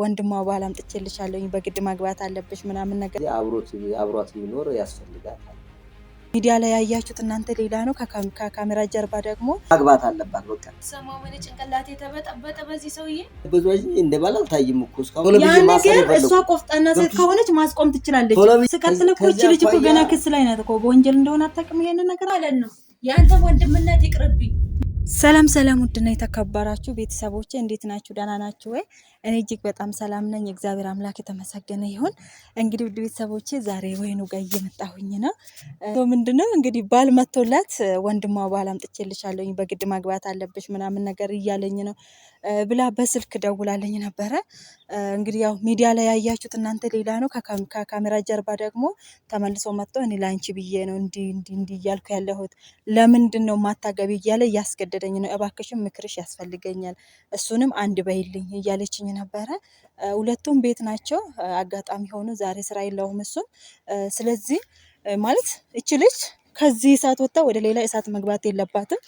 ወንድሟ ባል አምጥቼልሻለሁኝ በግድ ማግባት አለብሽ ምናምን ነገር አብሯት ሊኖር ያስፈልጋታል። ሚዲያ ላይ ያያችሁት እናንተ ሌላ ነው፣ ከካሜራ ጀርባ ደግሞ ማግባት አለባት። በቃ ሰማሁ ምን ጭንቅላት የተበጠበጠ በዚህ ሰውዬ ብዙ እንደ ባል አልታይም እኮ እስካሁን። ያ ነገር እሷ ቆፍጣና ሴት ከሆነች ማስቆም ትችላለች። ስቀጥል እኮ ይህች ልጅ እኮ ገና ክስ ላይ ናት እኮ በወንጀል እንደሆነ አታውቅም። ይሄንን ነገር አለን ነው የአንተ ወንድምነት ይቅርብኝ ሰላም ሰላም፣ ውድና የተከበራችሁ ቤተሰቦቼ እንዴት ናችሁ? ደህና ናችሁ ወይ? እኔ እጅግ በጣም ሰላም ነኝ። እግዚአብሔር አምላክ የተመሰገነ ይሁን። እንግዲህ ውድ ቤተሰቦቼ ዛሬ ወይኑ ጋር እየመጣሁኝ ነው። ምንድነው እንግዲህ ባል መቶላት ወንድሟ ባል አምጥቼልሻለሁኝ በግድ ማግባት አለብሽ ምናምን ነገር እያለኝ ነው ብላ በስልክ ደውላለኝ ነበረ። እንግዲህ ያው ሚዲያ ላይ ያያችሁት እናንተ ሌላ ነው፣ ከካሜራ ጀርባ ደግሞ ተመልሶ መጥቶ እኔ ለአንቺ ብዬ ነው እንዲህ እንዲህ እያልኩ ያለሁት ለምንድን ነው ማታገቢ እያለ እያስገደደ እየከበደኝ ነው፣ እባክሽም ምክርሽ ያስፈልገኛል፣ እሱንም አንድ በይልኝ እያለችኝ ነበረ። ሁለቱም ቤት ናቸው። አጋጣሚ ሆኖ ዛሬ ስራ የለውም እሱም። ስለዚህ ማለት እች ልጅ ከዚህ እሳት ወጥታ ወደ ሌላ እሳት መግባት የለባትም።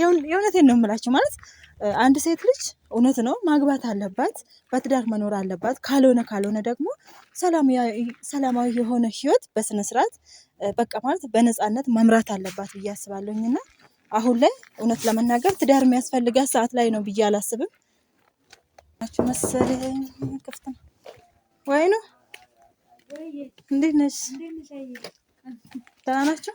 የእውነቴን ነው የምላችሁ ማለት አንድ ሴት ልጅ እውነት ነው ማግባት አለባት፣ በትዳር መኖር አለባት። ካልሆነ ካልሆነ ደግሞ ሰላማዊ የሆነ ህይወት በስነስርዓት በቃ ማለት በነፃነት መምራት አለባት ብዬ አስባለሁኝና አሁን ላይ እውነት ለመናገር ትዳር የሚያስፈልጋት ሰዓት ላይ ነው ብዬ አላስብም ናቸው መሰለኝ። ክፍት ነው ወይ ነው? እንዴት ነሽ? ደህና ናቸው።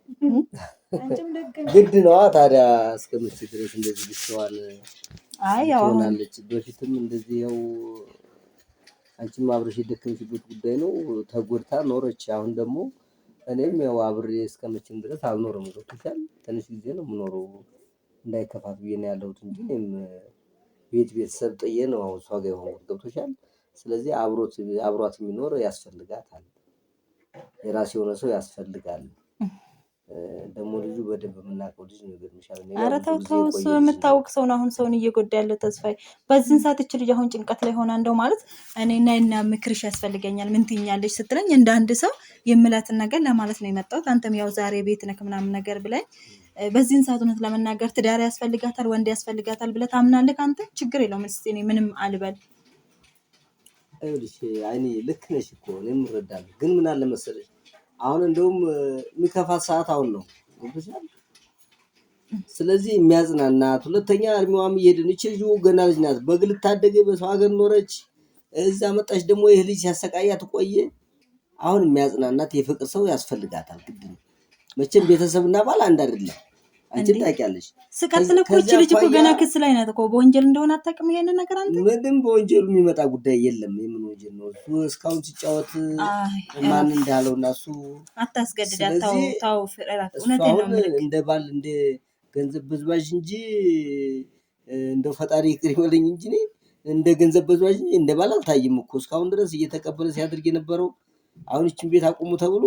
ግድ ነዋ ታዲያ እስከ መቼ ድረስ እንደዚህ ብቻዋን ትሆናለች? በፊትም እንደዚህ ያው አንቺም አብረሽ የደከምሽበት ጉዳይ ነው። ተጎድታ ኖረች። አሁን ደግሞ እኔም ያው አብሬ እስከ መቼም ድረስ አልኖርም። ገብቶሻል። ትንሽ ጊዜ ነው የምኖረው እንዳይከፋት ብዬ ነው ያለሁት እንጂ እኔም ቤት ቤተሰብ ጥዬ ነው አሁን እሷ ጋ የሆንኩት። ገብቶሻል። ስለዚህ አብሯት የሚኖር ያስፈልጋታል። የራስ የሆነ ሰው ያስፈልጋል። ደግሞ ልጁ በደንብ የምናውቀው ልጅ ነው። ይገርምሻል። ኧረ ተው ተው፣ እሱ የምታውቅ ሰው ነው። አሁን ሰውን እየጎዳ ያለው ተስፋዬ። በዚህን ሰዓት እች ልጅ አሁን ጭንቀት ላይ ሆና እንደው ማለት እኔ ናይና ምክርሽ ያስፈልገኛል ምን ትይኛለሽ ስትለኝ እንደ አንድ ሰው የምላትን ነገር ለማለት ነው የመጣሁት። አንተም ያው ዛሬ ቤት ነክ ምናምን ነገር ብላኝ በዚህን ሰዓት እውነት ለመናገር ትዳር ያስፈልጋታል ወንድ ያስፈልጋታል ብለህ ታምናለህ? አንተ ችግር የለውም እስኪ እኔ ምንም አልበል። ይኸውልሽ አይኔ ልክ ነሽ እኮ እኔም እረዳለሁ፣ ግን ምን አለ መሰለሽ አሁን እንደውም የሚከፋት ሰዓት አሁን ነው። ስለዚህ የሚያጽናናት ሁለተኛ እድሜዋም እየሄድን ይች ልጅ ገና ልጅ ናት። በግል ታደገ በሰው ሀገር ኖረች፣ እዛ መጣች። ደግሞ ይህ ልጅ ሲያሰቃያት ቆየ። አሁን የሚያጽናናት የፍቅር ሰው ያስፈልጋታል። ግድ ነው መቼም ቤተሰብና ባል አንድ አይደለም። አንቺን ታውቂያለሽ። ስቀጥል እኮ እቺ ልጅ እኮ ገና ክስ ላይ ናት እኮ በወንጀል እንደሆነ አታውቅም። ይሄንን ነገር አንተ ምንም በወንጀሉ የሚመጣ ጉዳይ የለም። የምን ወንጀል ነው እሱ? እስካሁን ሲጫወት ማን እንዳለው እና እሱ አታስገድዳት። ታው ታው ፍራራት እውነቴን ነው። እንደ ባል እንደ ገንዘብ በዝባዥ እንጂ እንደው ፈጣሪ ይቅር ይበለኝ እንጂ እንደ ገንዘብ በዝባዥ እንጂ እንደ ባል አልታይም እኮ እስካሁን ድረስ እየተቀበለ ሲያደርግ የነበረው አሁን ይችን ቤት አቁሙ ተብሎ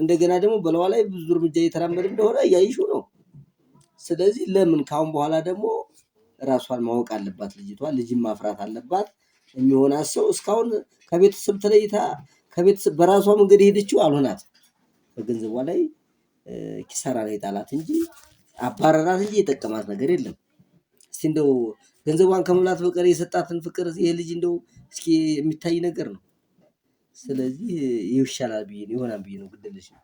እንደገና ደግሞ በለዋ ላይ ብዙ እርምጃ እየተራመደ እንደሆነ እያይሹ ነው ስለዚህ ለምን ካሁን በኋላ ደግሞ ራሷን ማወቅ አለባት ልጅቷ፣ ልጅን ማፍራት አለባት። የሚሆናት ሰው እስካሁን ከቤተሰብ ተለይታ ከቤተሰብ በራሷ መንገድ የሄደችው አልሆናት፣ በገንዘቧ ላይ ኪሳራ ላይ ጣላት እንጂ አባረራት እንጂ የጠቀማት ነገር የለም። እስቲ እንደው ገንዘቧን ከመብላት በቀር የሰጣትን ፍቅር ይሄ ልጅ እንደው እስኪ የሚታይ ነገር ነው። ስለዚህ ይሻላል ብዬ ነው ይሆናል ብዬ ነው ግድልሽ ነው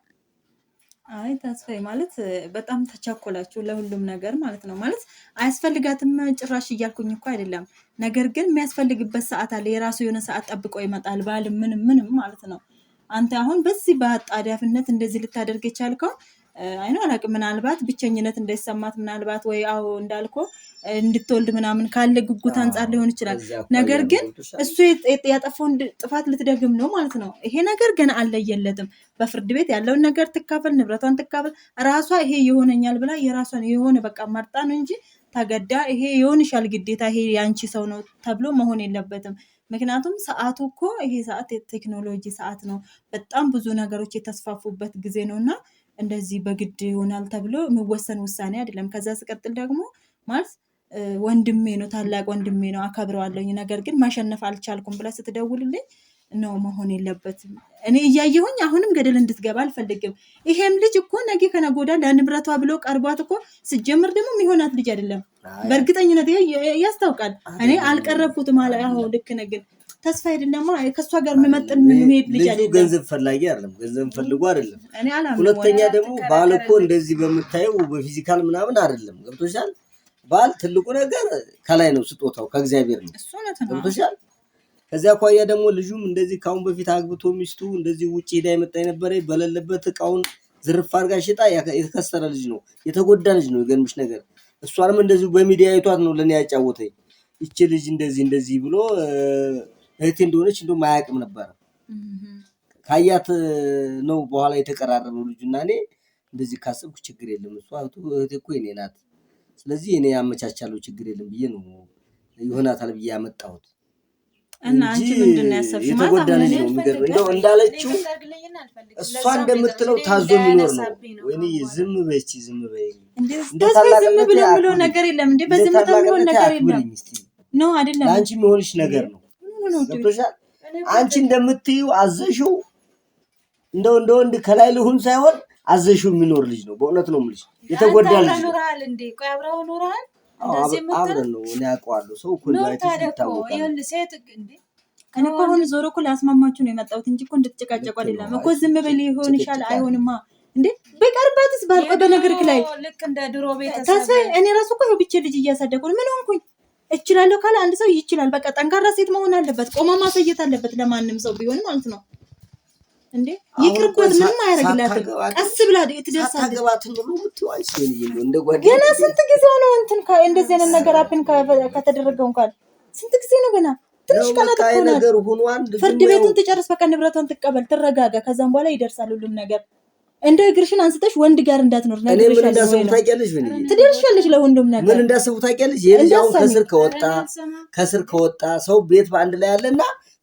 አይ ተስፋዬ ማለት በጣም ተቻኮላችሁ ለሁሉም ነገር ማለት ነው። ማለት አያስፈልጋትም ጭራሽ እያልኩኝ እኮ አይደለም። ነገር ግን የሚያስፈልግበት ሰዓት አለ። የራሱ የሆነ ሰዓት ጠብቆ ይመጣል። ባል ምንም ምንም ማለት ነው። አንተ አሁን በዚህ በአጣዳፊነት እንደዚህ ልታደርግ የቻልከው አይኖ አላቅ ምናልባት ብቸኝነት እንዳይሰማት ምናልባት ወይ አዎ እንዳልኮ እንድትወልድ ምናምን ካለ ጉጉት አንጻር ሊሆን ይችላል። ነገር ግን እሱ ያጠፋውን ጥፋት ልትደግም ነው ማለት ነው። ይሄ ነገር ገና አለየለትም። በፍርድ ቤት ያለውን ነገር ትካፈል፣ ንብረቷን ትካፈል። ራሷ ይሄ ይሆነኛል ብላ የራሷን የሆነ በቃ መርጣ ነው እንጂ ተገዳ ይሄ የሆንሻል ግዴታ ይሄ የአንቺ ሰው ነው ተብሎ መሆን የለበትም። ምክንያቱም ሰዓቱ እኮ ይሄ ሰዓት የቴክኖሎጂ ሰዓት ነው። በጣም ብዙ ነገሮች የተስፋፉበት ጊዜ ነው እና እንደዚህ በግድ ይሆናል ተብሎ የሚወሰን ውሳኔ አይደለም። ከዛ ስቀጥል ደግሞ ማለት ወንድሜ ነው፣ ታላቅ ወንድሜ ነው፣ አከብረዋለኝ። ነገር ግን ማሸነፍ አልቻልኩም ብለ ስትደውልልኝ ነው መሆን የለበትም። እኔ እያየሁኝ አሁንም ገደል እንድትገባ አልፈልግም። ይሄም ልጅ እኮ ነገ ከነጎዳ ለንብረቷ ብሎ ቀርቧት እኮ ስጀምር ደግሞ የሚሆናት ልጅ አይደለም። በእርግጠኝነት ያስታውቃል። እኔ አልቀረብኩትም። ልክ ነህ ተስፋዬን ደግሞ ከእሷ ጋር የምመጥን የምሄድ ልጅ አይደለም። ገንዘብ ፈላጊ አይደለም፣ ገንዘብ ፈልጎ አይደለም። ሁለተኛ ደግሞ ባል እኮ እንደዚህ በምታየው በፊዚካል ምናምን አይደለም። ገብቶሻል? ባል ትልቁ ነገር ከላይ ነው፣ ስጦታው ከእግዚአብሔር ነው። ገብቶሻል? ከዚያ አኳያ ደግሞ ልጁም እንደዚህ ከአሁን በፊት አግብቶ ሚስቱ እንደዚህ ውጭ ሄዳ የመጣ የነበረ በሌለበት እቃውን ዝርፍ አድርጋ ሽጣ የተከሰረ ልጅ ነው፣ የተጎዳ ልጅ ነው። የገርምሽ ነገር እሷንም እንደዚሁ በሚዲያ አይቷት ነው ለእኔ ያጫወተኝ ይቺ ልጅ እንደዚህ እንደዚህ ብሎ እህቴ እንደሆነች እንደውም አያውቅም ነበረ። ካያት ነው በኋላ የተቀራረበው ልጁና እኔ እንደዚህ ካሰብኩ ችግር የለም እሷ እህቴ እኮ የኔ ናት። ስለዚህ እኔ ያመቻቻለሁ ችግር የለም ብዬ ነው ይሆናታል ብዬ ያመጣሁት እንጂ የተጎዳ ልጅ ነው የሚገርም እንደው እንዳለችው እሷ እንደምትለው ታዞ የሚኖር ነው። ወይኔ ዝም በይ ዝም በይ ዝም ብሎ ነገር የለም እንደ በዝምታ ነገር የለም ነው አይደለም ለአንቺ የሚሆንሽ ነገር ነው ነው። አንቺ እንደምትዩ አዘሽው እንደው እንደ ወንድ ከላይ ልሁን ሳይሆን አዘሽው የሚኖር ልጅ ነው። በእውነት ነው የምልሽ፣ የተጎዳ ልጅ አብረን ነው እኔ አውቀዋለሁ። ሰው እኮ እኔ እኮ አሁን ዞሮ እኮ ላስማማችሁ ነው የመጣሁት እንጂ እኮ እንድትጨቃጨቁ አይደለም እኮ። ዝም በል ይሆን ይሻል። አይሆንማ እንዴ በቀርባትስ ባልቆ በነገርክ ላይ ልክ እንደ ድሮ ቤተሰብ ተስፋዬ፣ እኔ ራሱ እኮ ብቻ ልጅ እያሳደኩ ምን ሆንኩኝ? እችላለሁ ካለ አንድ ሰው ይችላል። በቃ ጠንካራ ሴት መሆን አለበት። ቆማ ማሳየት አለበት ለማንም ሰው ቢሆን ማለት ነው። እንዴ ይቅርቆት ምንም አያደርግላትም። ቀስ ብላ ትደርሳለች። ገና ስንት ጊዜው ነው እንትን እንደዚህ አይነት ነገር አፕን ከተደረገው እንኳን ስንት ጊዜ ነው ገና ትንሽ ቀናት እኮ ናት። ፍርድ ቤቱን ትጨርስ፣ በቃ ንብረቷን ትቀበል፣ ትረጋጋ። ከዛም በኋላ ይደርሳል ሁሉም ነገር። እንደ እግርሽን አንስተሽ ወንድ ጋር እንዳትኖር ታውቂያለሽ። ትደርሻለሽ። ለወንድም ነገር ምን እንዳሰቡ ታውቂያለሽ። ከስር ከወጣ ከስር ከወጣ ሰው ቤት በአንድ ላይ ያለና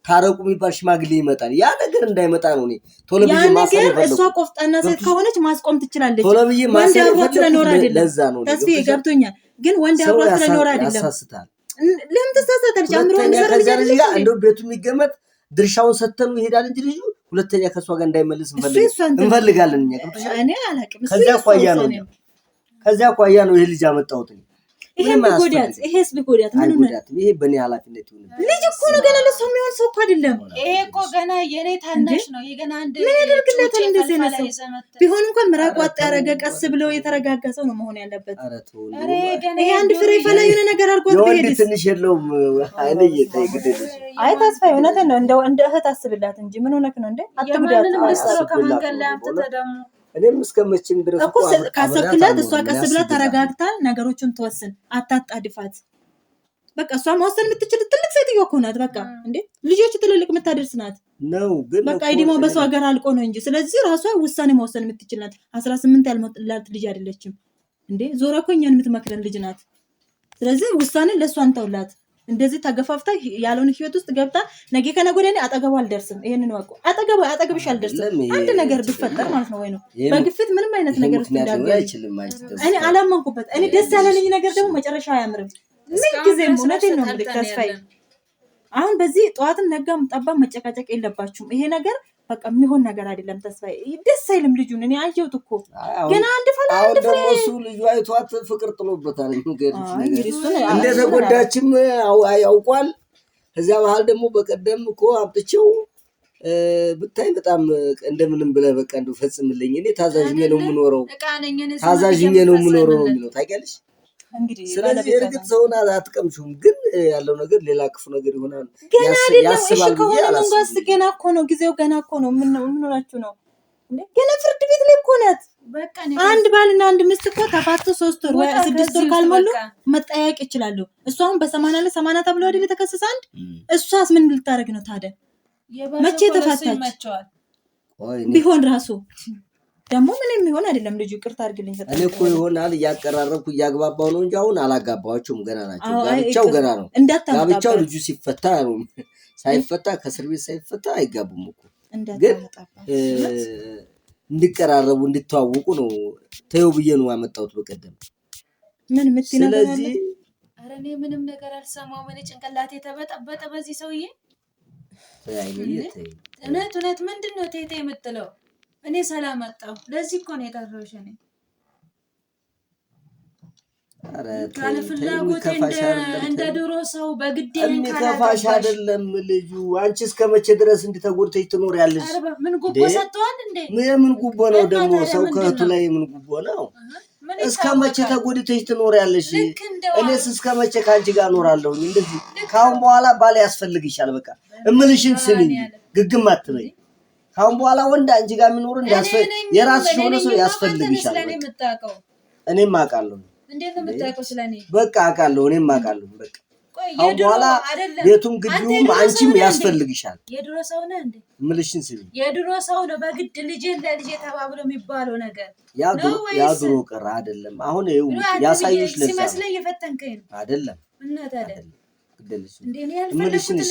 ታረቁ የሚባል ሽማግሌ ይመጣል። ያ ነገር እንዳይመጣ ነው። እኔ ቶሎ ብዬ ማሰር እሷ ቆፍጣና ሴት ከሆነች ማስቆም ትችላለች። ቶሎ ብዬ ወንድ አብሯት ስለኖር አይደለም። ነው ተስፋዬ ገብቶኛል። ግን ወንድ አብሯት ስለኖር አይደለም። ያሳስታል። ለምን ተሳሳታለች? አምሮ ነገር ልጅ እንደው ቤቱ የሚገመት ድርሻውን ሰተኑ ይሄዳል እንጂ ልጁ ሁለተኛ ከእሷ ጋር እንዳይመልስ እንፈልጋለን። እኛ ከዚያ አኳያ ነው ይሄ ልጅ አመጣሁት። ይሄም ይሄስ ይሄ በእኔ ኃላፊነት ይሁን። ልጅ እኮ ነው ገና የሚሆን ሰው እኮ አይደለም። ይሄ እኮ ገና ታናሽ ነው። አንድ ምን ያደርግለታል? እንደዚህ ሰው ቢሆን እንኳን ምራቅ ዋጥ ያደረገ ቀስ ብለው የተረጋጋ ሰው ነው መሆን ያለበት። ይሄ አንድ ፍሬ ፈላ የሆነ ነገር አድርጎት ትንሽ የለውም። አይ ተስፋ ነው እንደ እህት አስብላት እንጂ ምን ሆነክ ነው አትጉዳት። እኔም እስከመቼም ድረስ ካሰብክለት እሷ ቀስ ብላ ተረጋግታ ነገሮችን ትወስን፣ አታጣድፋት። በቃ እሷ መወሰን የምትችል ትልቅ ሴትዮ እኮ ናት። በቃ እንዴ ልጆች ትልልቅ የምታደርስ ናት ነው። ግን በቃ ዲሞ በሰው ሀገር አልቆ ነው እንጂ ስለዚህ ራሷ ውሳኔ መወሰን የምትችል ናት። አስራ ስምንት ያልሞላት ልጅ አይደለችም እንዴ ዞራ እኮ እኛን የምትመክረን ልጅ ናት። ስለዚህ ውሳኔ ለእሷ እንተውላት። እንደዚህ ተገፋፍታ ያለውን ህይወት ውስጥ ገብታ ነገ ከነገ ወዲያ አጠገቡ አልደርስም። ይሄንን ወቁ። አጠገብሽ አልደርስም። አንድ ነገር ብፈጠር ማለት ነው ወይ ነው በግፊት ምንም አይነት ነገር ውስጥ እኔ አላመንኩበት። እኔ ደስ ያለልኝ ነገር ደግሞ መጨረሻ አያምርም። ምን ጊዜም እውነቴን ነው። ተስፋዬ አሁን በዚህ ጠዋትም ነጋም ጠባም መጨቃጨቅ የለባችሁም። ይሄ ነገር በቃ የሚሆን ነገር አይደለም። ተስፋ ደስ አይልም። ልጁን እኔ አየሁት እኮ ግን አንድ ፈላ አንድ ደግሞ እሱ ልጁ አይቷት ፍቅር ጥሎበታል። እንደተጎዳችም ያውቋል። እዚያ ባህል ደግሞ በቀደም እኮ አምጥቼው ብታይ በጣም እንደምንም ብለህ በቃ እንደው ፈጽምልኝ፣ እኔ ታዛዥ ነው የምኖረው ታዛዥ ነው የምኖረው ነው የሚለው ታውቂያለሽ ስለዚህ እርግጥ ሰውን አትቀምሽም፣ ግን ያለው ነገር ሌላ ክፉ ነገር ይሆናል። ገና አይደለም ከሆነ መንጓስ ገና እኮ ነው፣ ጊዜው ገና እኮ ነው። ምን ነው? ገና ፍርድ ቤት ላይ እኮ ናት። አንድ ባልና አንድ ሚስት እኮ ተፋቶ ሶስት ወር ወይ ስድስት ወር ካልሞሉ መጠያየቅ ይችላሉ። እሷ አሁን በሰማንያ ላይ ሰማና ተብሎ አይደል የተከሰሰ አንድ እሷስ ምን ልታደርግ ነው ታዲያ? መቼ ተፋታች ቢሆን ራሱ ደግሞ ምንም የሚሆን አይደለም። ልጁ ቅርት አድርግልኝ። እኔ እኮ ይሆናል እያቀራረብኩ እያግባባው ነው እንጂ አሁን አላጋባቸውም ገና ናቸው። ጋብቻው ገና ነው። ጋብቻው ልጁ ሲፈታ ሳይፈታ ከእስር ቤት ሳይፈታ አይጋቡም እኮ ግን እንዲቀራረቡ እንዲተዋወቁ ነው። ተይው ብዬ ነው ያመጣሁት በቀደም። ምን ምትይ ኧረ እኔ ምንም ነገር አልሰማሁም። ምን ጭንቅላቴ ተበጠበጠ በዚህ ሰውዬ። እውነት እውነት ምንድን ነው ቴቴ የምትለው? እኔ ሰላም አጣሁ። ለዚህ እኮ ነው የጠራሁሽ። እኔ ካለ ፍላጎቴ እንደ ድሮ ሰው በግዴ የሚከፋሽ አይደለም። ልጁ አንቺ እስከ መቼ ድረስ እንድተጎድተች ትኖሪያለሽ? ምን ጉቦ ሰጥተዋል እንዴ? የምን ጉቦ ነው ደግሞ ሰው ከእህቱ ላይ የምን ጉቦ ነው? እስከ መቼ ተጎድተሽ ትኖሪያለሽ? እኔስ እስከ መቼ ከአንቺ ጋር እኖራለሁ? እንደዚህ ከአሁን በኋላ ባል ያስፈልግሻል። በቃ እምልሽን ስሚኝ፣ ግግም አትበይ። ካሁን በኋላ ወንድ አንቺ ጋር የሚኖር የራስሽ የሆነ ሰው ያስፈልግሻል። እኔም አውቃለሁ፣ በቃ አውቃለሁ፣ እኔም አውቃለሁ። በቃ አሁን በኋላ ቤቱም ግቢውም አንቺም ያስፈልግሻል። የድሮ ሰው ነህ እንዴ? የምልሽን ስሚ። የድሮ ሰው ነው በግድ ልጅ ለልጅ ተባብሎ የሚባለው ነገር ያ ድሮ ቀረ አይደለም። አሁን ያሳዩች ለሲመስለ ለዛ ነው የፈተንከኝ ነው አይደለም። አይደለችም። ምልሽንሽ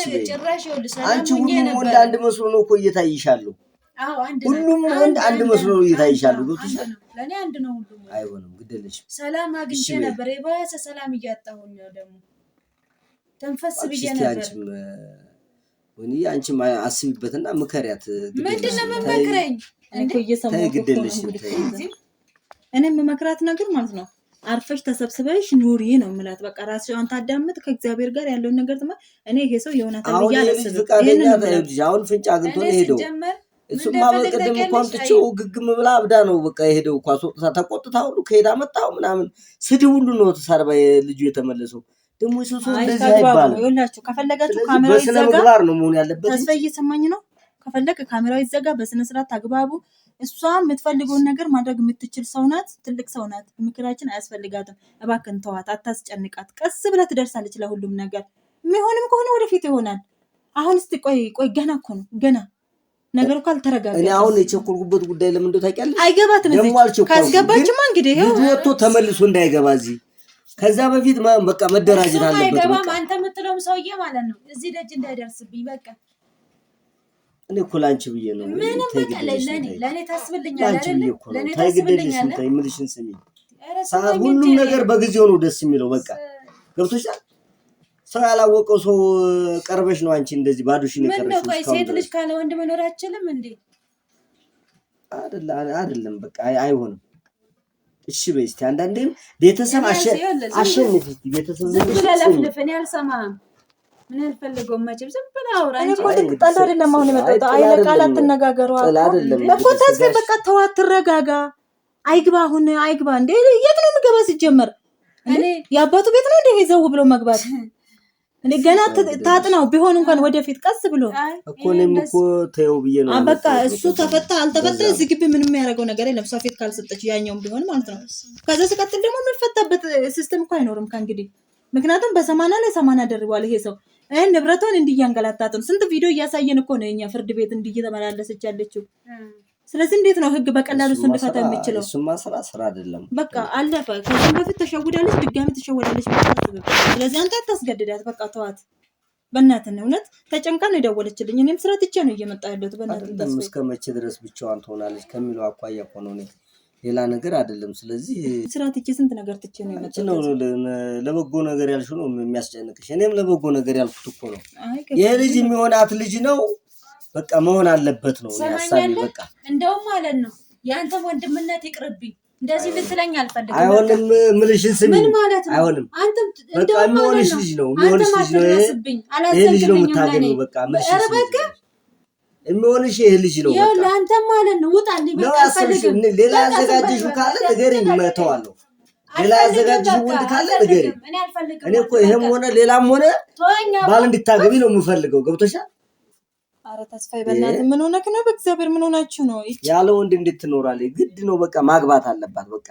አንቺ ሁሉም ወንድ አንድ መስሎ ነው እኮ እየታይሻለሁ። ሁሉም ወንድ አንድ መስሎ ነው እየታይሻለሁ። ለእኔ አንድ ነው ሁሉም። አይሆንም፣ ግደለሽም። ሰላም አግኝቼ ነበር፣ የባሰ ሰላም እያጣሁኝ ደግሞ ተንፈስ ብዬ ነበር። ወይኔ አንቺም አስቢበትና ምከሪያት። ምንድነው የምመክረኝ? ግደለሽም። እኔ የምመክራት ነገር ማለት ነው አርፈሽ ተሰብስበሽ ኑሪ ነው የምላት። በቃ ራስሽን ታዳምጥ፣ ከእግዚአብሔር ጋር ያለውን ነገር ትማ። እኔ ይሄ ሰው የሆነ ተብያ ለስብቃለጅ አሁን ፍንጭ አግኝቶ ሄደው እሱማ በቀደም እንኳን ትቼው ግግም ብላ አብዳ ነው በቃ የሄደው እኳ ሶጥታ ተቆጥታ ሁሉ ከሄዳ መጣው ምናምን ስድ ሁሉ ነው ተሳርባ የልጁ የተመለሰው። ደግሞ ሰው እንደዚህ አይባልም። ይኸውላችሁ ከፈለጋችሁ ካሜራው ይዘጋ፣ በስነ ምግባር ነው መሆን ያለበት። ተስፋ እየሰማኝ ነው። ከፈለግ ካሜራው ይዘጋ፣ በስነ ስርዓት አግባቡ እሷ የምትፈልገውን ነገር ማድረግ የምትችል ሰው ናት። ትልቅ ሰው ናት። ምክራችን አያስፈልጋትም። እባክን ተዋት፣ አታስጨንቃት። ቀስ ብለ ትደርሳለች ለሁሉም ነገር። የሚሆንም ከሆነ ወደፊት ይሆናል። አሁን እስቲ ቆይ ቆይ፣ ገና እኮ ነው ገና ነገር እኮ አልተረጋገጠም። እኔ አሁን የቸኮልኩበት ጉዳይ ለምን እንደው ታውቂያለሽ? አይገባትም። ደግሞ አልቸኮልኩም። ካስገባችማ እንግዲህ ይኸው ወጥቶ ተመልሶ እንዳይገባ እዚህ ከዛ በፊት በቃ መደራጀት አለበት። በቃ አንተ የምትለውም ሰውዬ ማለት ነው እዚህ ደጅ እንዳይደርስብኝ በቃ እኔ እኮ ለአንቺ ብዬ ነው። ምንም ታስብልኛለህ የምልሽን ስሚ። ሁሉም ነገር በጊዜው ነው ደስ የሚለው። በቃ ገብቶሻል። ሰው ያላወቀው ሰው ቀርበሽ ነው አንቺ እንደዚህ ባዶሽን የቀረሽ። ሴት ልጅ ካለ ወንድ መኖር አችልም እንዴ? አይደለም በቃ አይሆንም። እሺ በይ እስኪ አንዳንዴም ቤተሰብ አሸንፊ። ቤተሰብ ዝም ብለህ ለፍልፍ፣ እኔ አልሰማህም ትረጋጋ። አይግባ አሁን አይግባ። እንዴ የት ነው ሲጀመር? የአባቱ ቤት ነው እንዴ ዘው ብሎ መግባት? እንዴ ገና ታጥናው ቢሆን እንኳን ወደፊት ቀስ ብሎ እኮ እኔም እኮ ተይው ብዬ ነው። በቃ እሱ ተፈታ አልተፈታ እዚህ ግቢ ምንም የሚያደርገው ነገር የለም፣ እሷ ፊት ካልሰጠች ያኛውም ቢሆን ማለት ነው። ከዛ ደግሞ የምንፈታበት ሲስተም እኮ አይኖርም ከእንግዲህ ምክንያቱም በሰማና ላይ ሰማና ደርቧል ይሄ ሰው ንብረቷን እንዲያንገላታት ነው። ስንት ቪዲዮ እያሳየን እኮ ነው የኛ ፍርድ ቤት እንዲየተመላለሰች ያለችው። ስለዚህ እንዴት ነው ህግ በቀላሉ እሱ እንድፈታ የሚችለው? እሱማ ስራ ስራ አይደለም። በቃ አለፈ። ከዚህም በፊት ተሸውዳለች፣ ድጋሚ ተሸውዳለች። ስለዚህ አንተ አታስገድዳት፣ በቃ ተዋት። በእናትን እውነት ተጨንቃ ነው የደወለችልኝ። እኔም ስራ ትቼ ነው እየመጣ ያለሁት። በእናትን እስከ መቼ ድረስ ብቻዋን ትሆናለች ከሚለው አኳያ ሆነ ሁኔታ ሌላ ነገር አይደለም። ስለዚህ ስራ ትቼ ስንት ነገር ትቼ ነው ነው ለበጎ ነገር ያልሽ ነው የሚያስጨንቅሽ። እኔም ለበጎ ነገር ያልኩት እኮ ነው። ይህ ልጅ የሚሆናት ልጅ ነው በቃ መሆን አለበት ነው ሀሳቤ። በቃ እንደውም ማለት ነው የአንተ ወንድምነት ይቅርብኝ እንደዚህ ልትለኝ አልፈልግም። አይሆንም ምልሽን ስሚ። ምን ማለት ነው? አይሆንም። አንተም እንደውም ማለት ነው ልጅ ነው ልጅ ነው የምታገኘው። በቃ ምልሽን ስሚ የሚሆንሽ ይህ ልጅ ነው። ለአንተ ማለት ነው። ውጣ ሌላ ያዘጋጀሽው ካለ ንገሪኝ፣ እመተዋለሁ። ሌላ ያዘጋጀሽው ወንድ ካለ ንገሪኝ። እኔ እኮ ይሄም ሆነ ሌላም ሆነ ባል እንድታገቢ ነው የምፈልገው። ገብቶሻል? ኧረ ተስፋ ይበላት። ምን ሆነክ ነው? በእግዚአብሔር ምን ሆናችሁ ነው? ያለ ወንድ እንድትኖራለች ግድ ነው። በቃ ማግባት አለባት በቃ